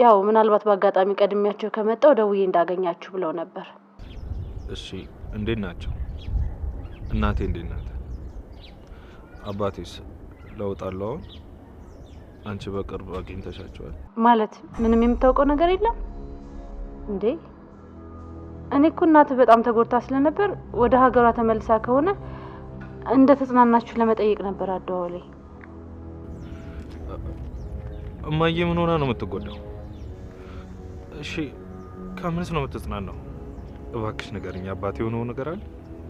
ያው ምናልባት በአጋጣሚ ቀድሚያቸው ከመጣው ደውዬ እንዳገኛችሁ ብለው ነበር። እሺ፣ እንዴት ናቸው? እናቴ እንዴት ናት? አባቴስ? ለውጣለሁ። አሁን አንቺ በቅርብ አግኝተሻቸዋል? ማለት ምንም የምታውቀው ነገር የለም እንዴ? እኔ እኮ እናትህ በጣም ተጎድታ ስለነበር ወደ ሀገሯ ተመልሳ ከሆነ እንደ ተጽናናችሁ ለመጠየቅ ነበር ላይ እማዬ ምን ሆና ነው የምትጎዳው? እሺ ከምንስ ነው የምትጽናናው? እባክሽ ንገሪኝ፣ አባት የሆነው ነገር አለ?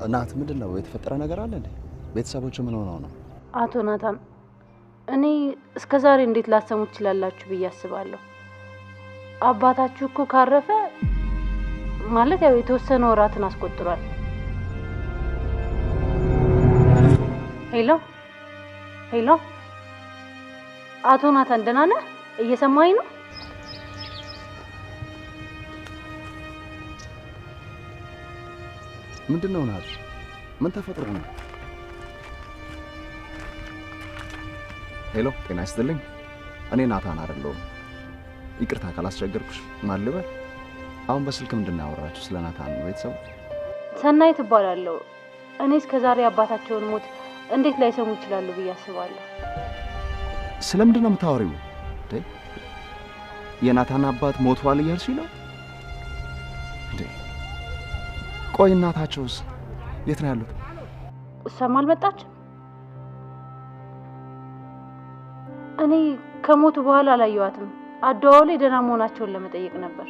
እናት ምንድን ነው የተፈጠረ ነገር አለ እንዴ? ቤተሰቦች ምን ሆነው ነው? አቶ ናታን፣ እኔ እስከ ዛሬ እንዴት ላሰሙ ትችላላችሁ ብዬ አስባለሁ። አባታችሁ እኮ ካረፈ ማለት ያው የተወሰነ ወራትን አስቆጥሯል። ሄሎ ሄሎ፣ አቶ ናታን ደህና ነህ? እየሰማኸኝ ነው? ምንድን ነው ናዝ? ምን ተፈጥሮ ነው? ሄሎ፣ ጤና ይስጥልኝ። እኔ ናታን አይደለሁም። ይቅርታ ካላስቸገርኩሽ። ማን ልበል? አሁን በስልክ ምንድን ያወራችሁ? ስለ ናታን ነው? ቤተሰቡ ሰናይ ትባላለሁ። እኔ እስከ ዛሬ አባታቸውን ሞት እንዴት ላይ ሰሙ ይችላሉ ብዬ አስባለሁ። ስለምንድን ነው የምታወሪው? የናታን አባት ሞቷል እያልሽ ነው? ቆይ እናታቸውስ የት ነው ያሉት? እሷም አልመጣችም። እኔ ከሞቱ በኋላ አላየዋትም። አደዋው ላይ ደህና መሆናቸውን ለመጠየቅ ነበር።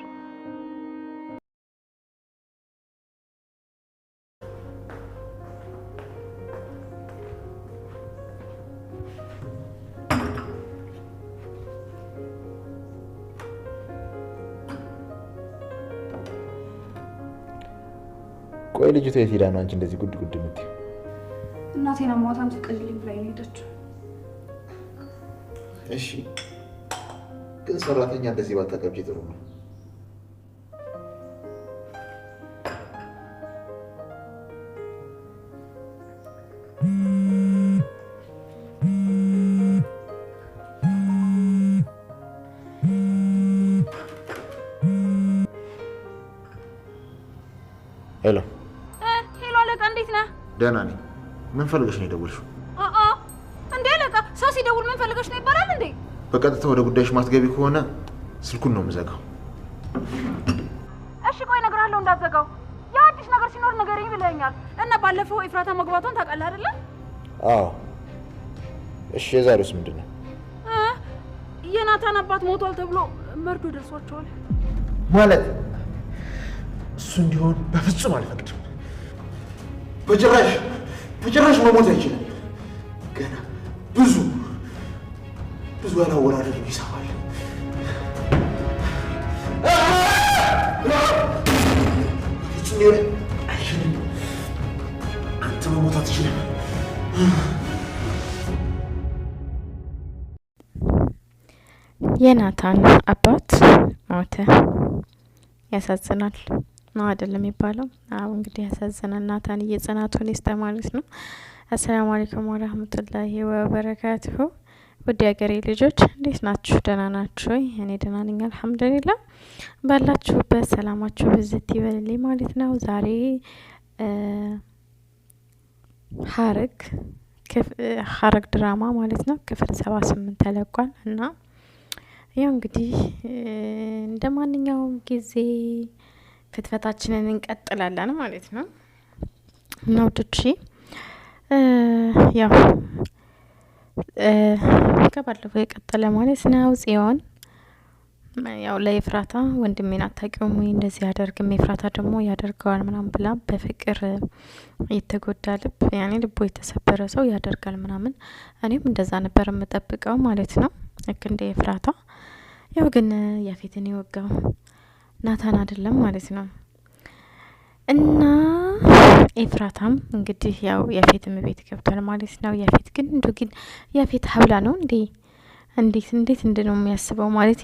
ቆይ ልጅቷ የት ሄዳ ነው አንቺ እንደዚህ ጉድ ጉድ የምትይው? እናቴን አሟታም ትቀልልኝ ብላኝ ነው የሄደችው። እሺ ግን ሰራተኛ እንደዚህ ባታቀብጪ ጥሩ ነው። ሄሎ ደህና ነኝ። ምን ፈልገሽ ነው የደወልሽው? እንዴ አለቃ፣ ሰው ሲደውል ምን ፈልገሽ ነው ይባላል እንዴ? በቀጥታ ወደ ጉዳይሽ ማትገቢ ከሆነ ስልኩን ነው የምዘጋው። እሺ ቆይ እነግርሃለሁ፣ እንዳትዘጋው። ያ አዲስ ነገር ሲኖር ንገረኝ ብለኸኛል እና ባለፈው ኤፍራታ መግባቷን ታውቃለህ አይደለ? አዎ። እሺ የዛሬውስ ምንድን ነው? የናታን አባት ሞቷል ተብሎ መርዶ ደርሷቸዋል ማለት እሱ እንዲሆን በፍጹም አልፈቅድም። በጭራሽ በጭራሽ መሞት አይችልም። ገና ብዙ ብዙ ያላወራረድ ይሰማል። አንተ መሞት አትችልም። የናታን አባት ሞተ። ያሳዝናል። ነው አይደለም የሚባለው? አሁ እንግዲህ ያሳዘነ እናታን እየጽናቱን ይስጠ ማለት ነው። አሰላሙ አሌይኩም ወራህመቱላሂ ወበረካቱሁ። ውድ ሀገሬ ልጆች እንዴት ናችሁ? ደህና ናችሁ? እኔ ደህና ነኝ አልሐምዱሊላ። ባላችሁበት ሰላማችሁ ብዝት ይበልልኝ ማለት ነው። ዛሬ ሀረግ ሀረግ ድራማ ማለት ነው ክፍል ሰባ ስምንት ተለቋል እና ያው እንግዲህ እንደ ማንኛውም ጊዜ ፍትፈታችንን እንቀጥላለን ማለት ነው እና ውዶቼ ያው ከባለፈው የቀጠለ ማለት ነው። ጽዮን ያው ለኤፍራታ ወንድሜን አታውቂውም ወይ እንደዚህ ያደርግም ኤፍራታ ደግሞ ያደርገዋል ምናምን ብላ በፍቅር የተጎዳ ልብ ያኔ ልቦ የተሰበረ ሰው ያደርጋል ምናምን እኔም እንደዛ ነበር የምጠብቀው ማለት ነው ልክ እንደ ኤፍራታ ያው ግን ያፌትን የወጋው ናታን አይደለም ማለት ነው። እና ኤፍራታም እንግዲህ ያው ያፌትም ቤት ገብቷል ማለት ነው። የፌት ግን እንዱ ግን የፌት ሀብላ ነው እንዴ? እንዴት እንዴት እንድ ነው የሚያስበው ማለት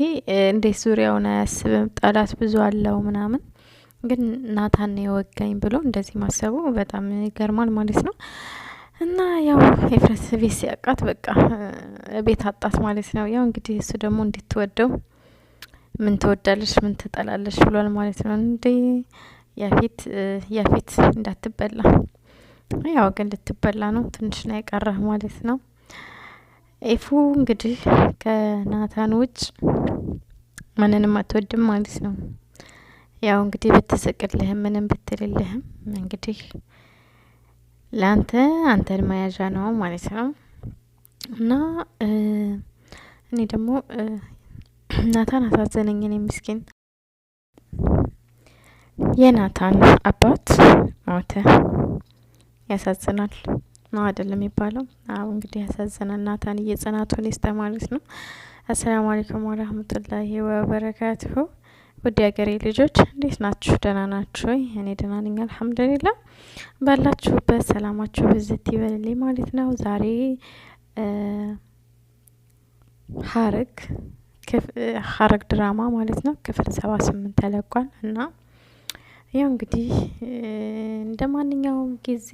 እንዴት ዙሪያውን አያስብም። ጠላት ብዙ አለው ምናምን ግን ናታን የወጋኝ ብሎ እንደዚህ ማሰቡ በጣም ይገርማል ማለት ነው። እና ያው ኤፍረት ቤት ሲያቃት በቃ ቤት አጣት ማለት ነው። ያው እንግዲህ እሱ ደግሞ እንድትወደው ምን ትወዳለሽ ምን ትጠላለሽ ብሏል ማለት ነው። እንዴ ያፌት ያፌት እንዳትበላ ያው ግን ልትበላ ነው። ትንሽ ና የቀረህ ማለት ነው። ኤፉ እንግዲህ ከናታን ውጭ ማንንም አትወድም ማለት ነው። ያው እንግዲህ ብትስቅልህም ምንም ብትልልህም እንግዲህ ለአንተ አንተን መያዣ ነው ማለት ነው እና እኔ ደግሞ ናታን አሳዘነኝ እኔ ምስኪን። የናታን አባት ሞተ። ያሳዝናል ነው አይደለም የሚባለው? አዎ እንግዲህ ያሳዝናል። ናታን እየጽናቱን ይስጠ ነው። አሰላሙ አለይኩም ወረህመቱላሂ ወበረካቱሁ። ውድ ሀገሬ ልጆች እንዴት ናችሁ? ደህና ናችሁ? እኔ ደህና ነኝ አልሐምዱሊላ። ባላችሁበት ሰላማችሁ ብዝት ይበልልኝ ማለት ነው። ዛሬ ሀረግ ሐረግ ድራማ ማለት ነው ክፍል ሰባ ስምንት ተለቋል እና ያው እንግዲህ እንደ ማንኛውም ጊዜ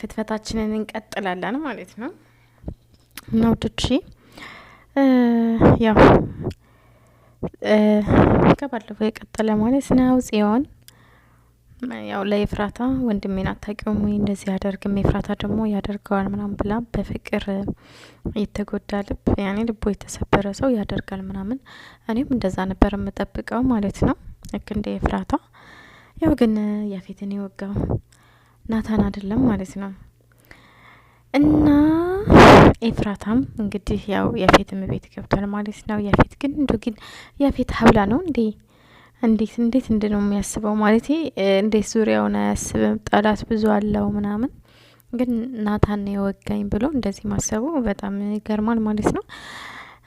ፍትፈታችንን እንቀጥላለን ማለት ነው እና ውዶቼ ያው ከባለፈው የቀጠለ ማለት ነው ጽዮን ያው ለኤፍራታ ወንድሜን አታውቂውም ወይ እንደዚህ ያደርግም ኤፍራታ ደግሞ ያደርገዋል ምናምን ብላ በፍቅር የተጎዳ ልብ ያኔ ልቦ የተሰበረ ሰው ያደርጋል ምናምን እኔም እንደዛ ነበር የምጠብቀው ማለት ነው። ልክ እንደ ኤፍራታ ያው ግን ያፌትን የወጋው ናታን አይደለም ማለት ነው። እና ኤፍራታም እንግዲህ ያው ያፌትም ቤት ገብቷል ማለት ነው። ያፌት ግን እንዱ ግን ያፌት ሀብላ ነው እንዴ? እንዴት እንዴት እንድ ነው የሚያስበው ማለት እንዴት ዙሪያውን አያስብም። ጠላት ብዙ አለው ምናምን ግን ናታን የወጋኝ ብሎ እንደዚህ ማሰቡ በጣም ይገርማል ማለት ነው።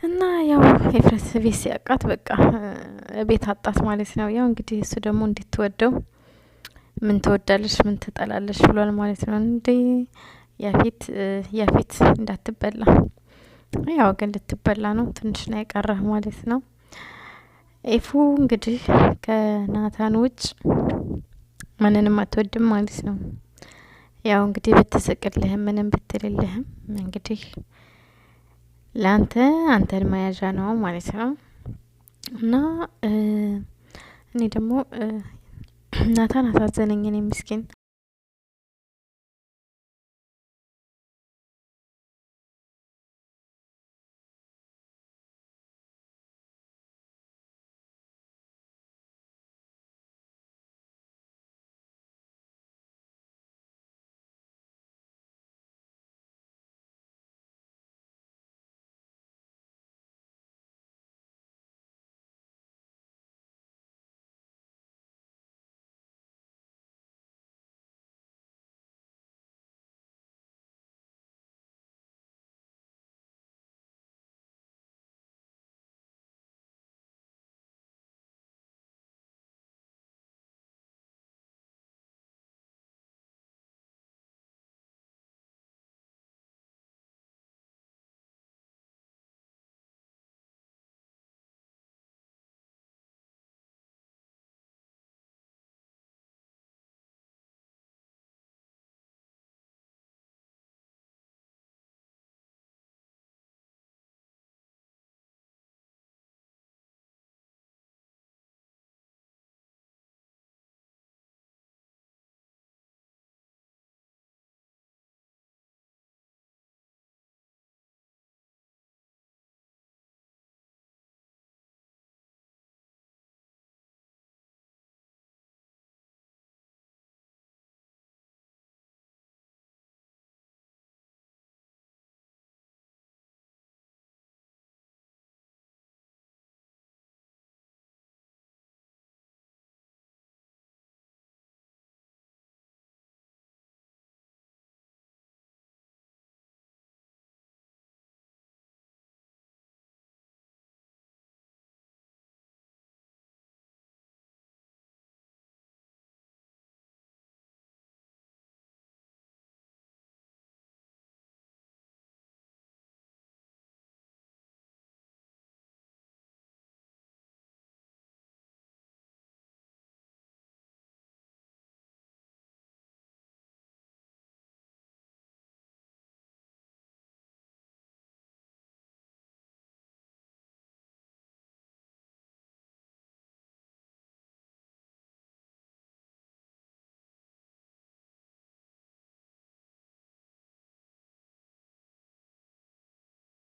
እና ያው ኤፍረት ቤት ሲያቃት በቃ ቤት አጣት ማለት ነው። ያው እንግዲህ እሱ ደግሞ እንድትወደው ምን ትወዳለሽ፣ ምን ትጠላለሽ ብሏል ማለት ነው። እንዴ ያፌት ያፌት እንዳትበላ ያው ግን ልትበላ ነው። ትንሽ ነው የቀረህ ማለት ነው። ኤፉ እንግዲህ ከናታን ውጭ ማንንም አትወድም ማለት ነው። ያው እንግዲህ ብትስቅልህም ምንም ብትልልህም እንግዲህ ለአንተ አንተን መያዣ ነው ማለት ነው። እና እኔ ደግሞ ናታን አሳዘነኝን ምስኪን